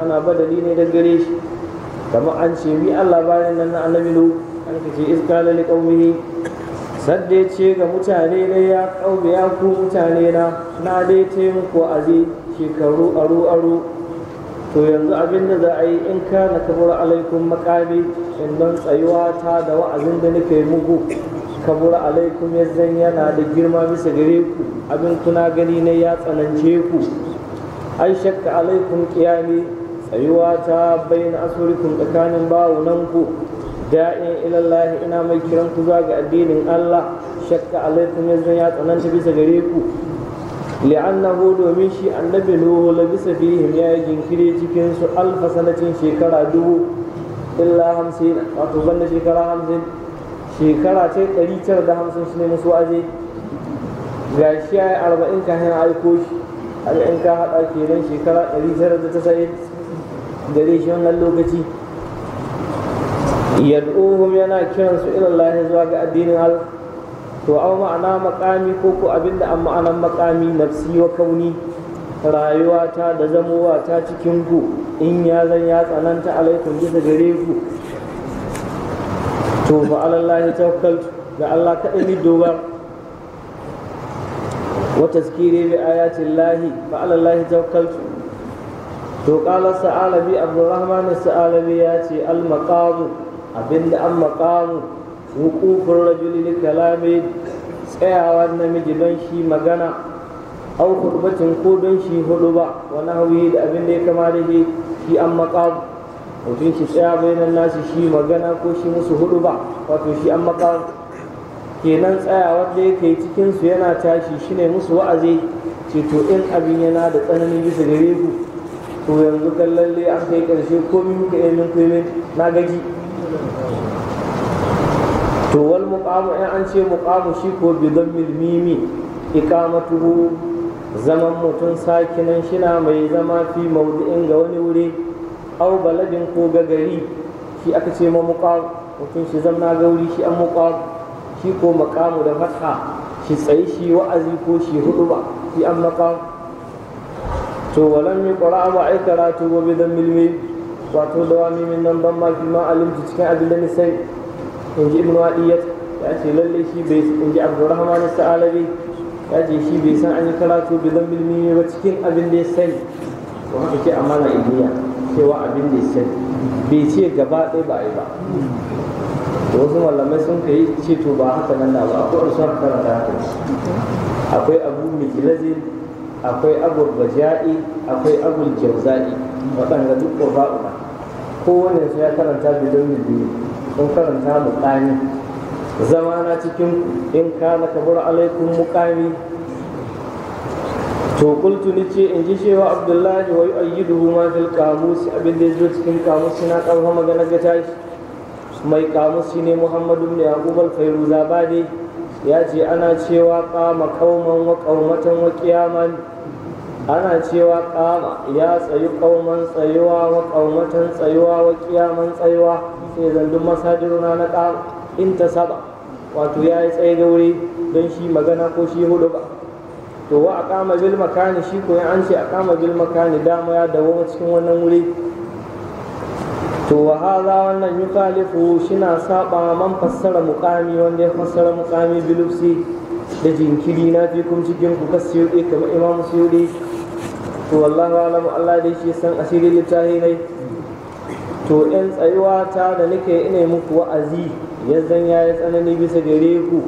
ana ba badali ne da gare shi kamar an ce mi Allah bayan nan na annabi lu an ce iskala li qaumihi sadde ce ga mutane ne ya kaube ya ku mutane na na dai taimako azi shekaru aro aro to yanzu abin da za a yi in ka na kabura alaikun makami in don tsayuwa ta da wa'azin da nake muku. kabura alaikun ya yana da girma bisa gare ku abin kuna gani ne ya tsanance ku ai shakka alaikun kiyami tsayuwa ta bayan asurikun tsakanin bawunanku da'in ilallahi ina mai kiran ku zuwa ga addinin Allah shakka alaikum yanzu ya tsananta bisa gare ku li'annahu domin shi annabi nuhu la bisa fihim ya yi jinkiri cikin su alfa sanatin shekara dubu illa hamsin wato banda shekara hamsin shekara ce ɗari tara da hamsin shi ne musu aje ga shi ya yi arba'in kahin aiko shi har in ka haɗa kenan shekara ɗari tara da tasa'in gare shi wannan lokaci yad'uhum yana kiran ila Allah zuwa ga addinin al to au ma'ana makami ko ko abinda an ma'anan makami nafsi wa kauni rayuwa ta da zamowa ta cikin ku in ya zan ya tsananta alaikum bisa gare ku to fa ya tawakkaltu ga Allah kaɗai ni dogar wa tazkiri bi ayati llahi fa alallahi tawakkaltu to kala sa'alabi abdurrahman sa'alabi ya ce al maqamu abinda an maqamu wuqufur rajuli li kalami tsayawar namiji don shi magana au hurbatin ko don shi hudu ba wani hauyi da abin da ya kama da shi an maqamu mutum shi tsaya bayanan nasu shi magana ko shi musu hudu ba wato shi an maqamu kenan tsayawa da yake cikinsu yana tashi shine musu wa'azi ce to in abin yana da tsananin bisa gare ku to yanzu kan lalle an kai karshe komi muka yi min komi na gaji to wal muqamu in an ce muqamu shi ko bi dhammil mimi iqamatuhu zaman mutun sakinan shina mai zama fi mawdi'in ga wani wuri aw baladin ko ga gari shi aka ce ma muqamu mutun shi ga gauri shi an muqamu shi ko maqamu da fatha shi tsayi shi wa'azi ko shi hudu ba shi an maqamu to walam yi ƙura'a ba ai karatu ba bi dan milmi wato da wani min nan ban maki ma alimci cikin abin da nisai in ji ibn wadiyat ya ce lalle shi bai in ji abdurrahman sa'alabi ya ce shi bai san an yi karatu bi dan milmi ba cikin abin da ya sani to haka ce amana ilmiya cewa abin da ya sani bai ce gaba ɗaya ba ai ba wasu malamai sun kai yi ce to ba haka nan da ba akwai sun karanta haka akwai abu mikilazi akwai agul baja'i akwai agul jauza'i waɗanda duk ba. kowane su ya karanta bidon biyu sun karanta muƙami na cikin in ka na kabur alaikum muƙami to kultu ni ce in ji cewa abdullahi wa yu'ayyiduhu ma fil qamus abin da yazo cikin kamus na karfa magana ga tashi mai kamus ne muhammadu ibn yaqub al-fayruzabadi ya ce ana cewa kama kauman wa kaumatan wa kiyaman ana cewa kama ya tsayi kauman tsayuwa wa kaumatan tsayuwa wa kiyaman tsayuwa sai zandun masajiruna na kama in ta saba wato ya yi tsaye wuri don shi magana ko shi hudu ba to wa a kama bil makani shi ko an ce a kama bil makani dama ya dawo cikin wannan wuri to wa hadha wannan shi shina saba man fassara mukami wanda ya fassara mukami bilufsi da jinkiri na fi kuma cikin ku kasiyudi kamar imam ɗaya to wallahi alamu Allah dai shi san asirin littahi ne to in tsayuwa ta da nake ina muku wa'azi yanzan ya yi tsanani bisa gare ku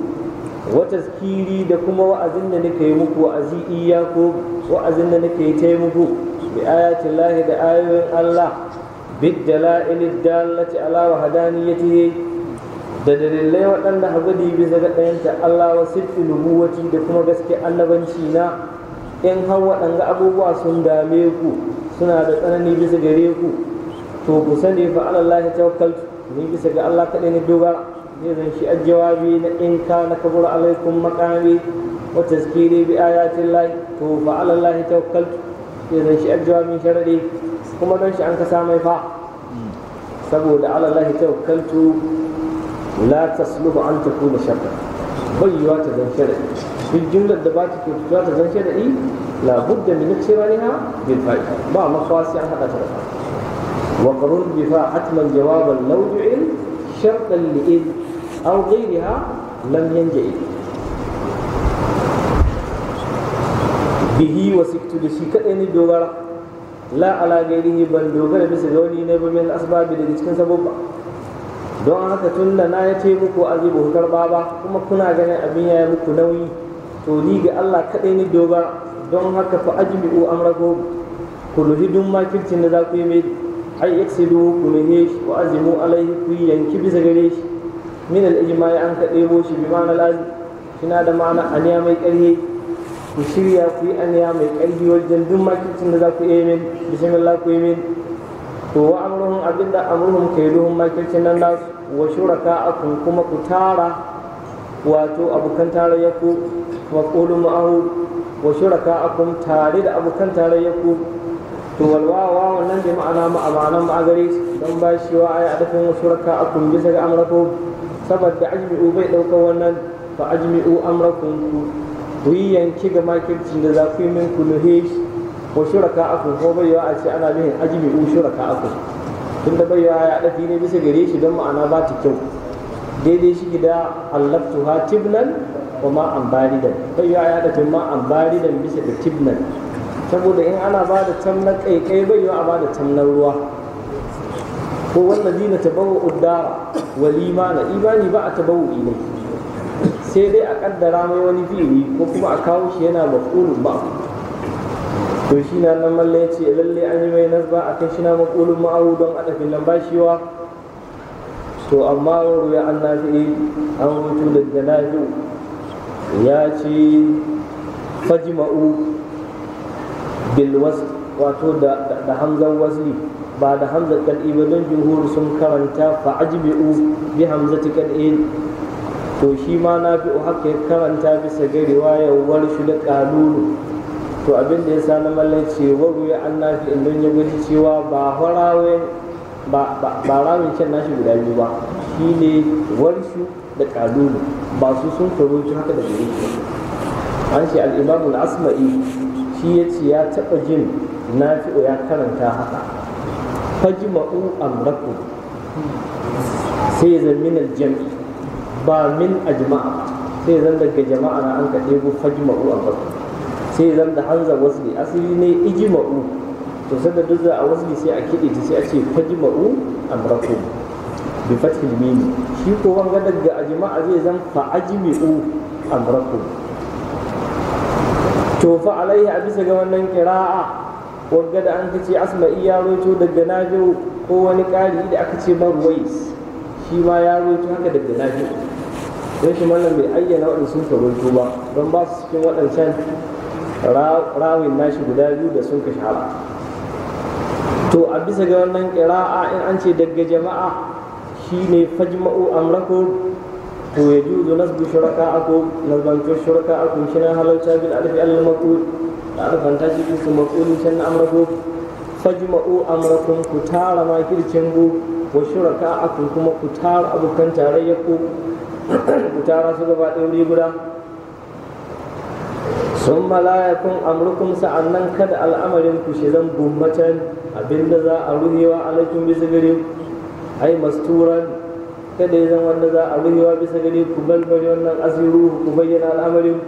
wata taskiri da kuma wa'azin da nake yi muku wa'azi iya ko wa'azin da nake yi ta muku bi ayatin lahi da ayoyin Allah بالدلائل الدالة على وحدانيته da dalilai waɗanda hagadi bisa ga ɗayanta Allah wa siffi nubuwati da kuma gaske annabanci na in har waɗanga abubuwa sun dame ku suna da tsanani bisa gare ku to ku sani fa Allah ya tawakkaltu ni bisa ga Allah kaɗai na dogara zai zan shi jawabi na in ka na kabur alaikum maqami wa tazkiri bi ayatin lahi to fa Allah ya tawakkaltu ya zan shi ajiyar min sharari kuma don shi an kasa mai fa saboda alallahi tawakkaltu la tasluhu an takuna sharra bayyuwa ta zan sharari duk jumlar da ba ta kyautuwa ta zan sharari la budda min ikhtibariha bil fa'ida ba mafasi an hada ta da وقرن بها حتما جوابا لو جعل شرطا لإذ أو غيرها لم ينجئ bihi wa siktu da shi kaɗai ne dogara la ala gairihi ban dogara bisa ga wani ne ba min asbabi da cikin sabobba don haka tun da na ya ce muku azibu karɓa ba kuma kuna ganin abin ya yi muku nauyi to ni ga Allah kaɗai ne dogara don haka fa ajmi'u amrakum ku ruhi dun makircin da za ku yi mai ai yaksidu ku ruhe shi wa azimu alaihi ku yanki bisa gare shi min al-ijma'i an ka ɗebo shi bi ma'ana azim shi da ma'ana aniya mai ƙarfi ku shirya ku yi aniya mai ƙarfi wajen duk makircin da za ku yi min bismillah ku yi min to wa amruhum abinda amruhum duhun makircin nan nasu wa shuraka akun kuma ku tara wato abokan tarayyaku wa qulu ma'ahu wa shuraka akun tare da abokan tarayyaku to walwawa wannan da ma'ana a ma'agari don ba shi wa ai adafin wa shuraka akun bisa ga amrakum saboda ajmi'u bai ɗaukar wannan fa ajmi'u amrakum ku yi yanki ga makircin da za ku yi min ku nuhe ko shuraka aku ko baiwa a ce ana nuhin ajimi u shuraka aku tun da baiwa ya dafi ne bisa gare shi don ma'ana ba ta kyau daidai shi gida allaftu ha tibnan wa ma an baridan baiwa ya dafi ma an baridan bisa da tibnan saboda in ana ba da tamnar bai baiwa a ba da na ruwa ko wanda zina tabawa uddara walima na imani ba a tabawa ne sai dai a kaddara mai wani firi ko kuma a kawo shi yana maf'ulun ba to shi na nan malla ya ce lalle an yi mai nazba a kan shi na maf'ulun ma'ahu don adafin nan to amma ya an nafi an rutu da janafi ya ce fajima'u Bilwas, wato da hamzan wasli ba da Hamza kad'i ba don jumhur sun karanta fa'ajibu bi hamzati kad'i to shi ma na fi haka ya karanta bisa ga riwayar shi da kalulu to abin da ya sa na mallace waru ya an nafi indon ya guji cewa ba harawe ba ramin can nashi guda biyu ba shi ne warshu da kalulu ba su sun shi haka da gari an ce al'imamu asma'i shi ya ce ya taɓa jin na nafi'u ya karanta haka fajima'u amraku sai ya zamminar jam'i ba min ajma'a sai zan daga jama'a na an kaɗe bu fajma'u a farko sai zan da hanzar wasli asali ne ijma'u to sai da duk a wasli sai a kiɗe ta sai a ce fajma'u amrakum bi fathil mim shi ko wanga daga ajma'a zai zan fa ajmi'u amrakum to fa alaihi a bisa ga wannan kira'a wanga da an kace asma'i iya roto daga nafi'u ko wani ƙari da aka ce marwais shi ma ya roto haka daga nafi'u don shi mallam bai ayyana waɗansun sun karanto ba don ba su cikin waɗancan rawin nashi guda biyu da sun ka shara. to a bisa ga wannan ƙira'a in an ce daga jama'a shine fajma'u amrakum to ya juzu nasbu shuraka ako nasbantar shuraka ako shi na halarta bin alifi alamaku da alfan ta cikin su maqulin can na amrako fajma'u amrakum ku tara makircin ku wa shuraka ako kuma ku tara abokan tarayyar ku ku tara su gaba ɗauri guda sun malayakun amurkun sa'annan kada al'amarin ku shi zan gummatan abinda za a ruhewa alaikin bisa gare ai masturan kada ya zan wanda za a ruhewa bisa gare ku balbari wannan asiru ku bayyana al'amarin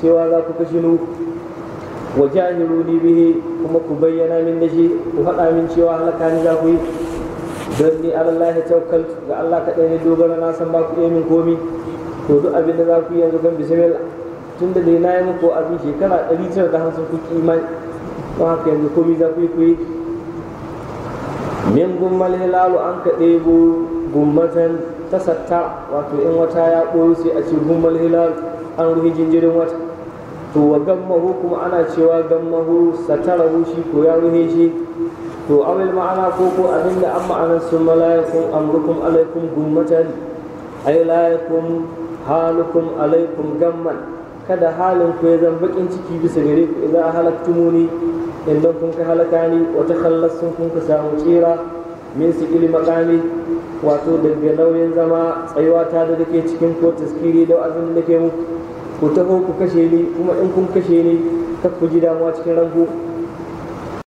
cewa za ku kashi nu wa jahiru bihi kuma ku bayyana min da shi ku faɗa min cewa halaka ni za ku yi don ni alallahi tawakkal ga Allah ka kaɗai ne dogara na san ba ku iya min komi to duk abin da za ku yi yanzu kan bismillah tun da dai na yi muku abin shekara ɗari tara da hamsin kuki imani don haka yanzu komi za ku yi ku yi min gummal hilalu an ka ɗebo gummatan ta satta wato in wata ya ɓoyo sai a ce gummal hilal an ruhi jinjirin wata to wa gammahu kuma ana cewa gammahu satarahu shi ko ya ruhe shi to awil ma'ana ko ko abin da an ma'ana sun malayakun amrukum alaikum gummatan ay layakun halukum alaikum gamman kada halin ku ya zan bakin ciki bisa gare ku idan halaktumuni idan kun ka halaka ni wata khallasun kun ka samu tsira min su ili makami wato daga nauyin zama tsayuwa ta da take cikin ko taskiri da abin da ke mu ku taho ku kashe ni kuma in kun kashe ni kar ku ji damuwa cikin ranku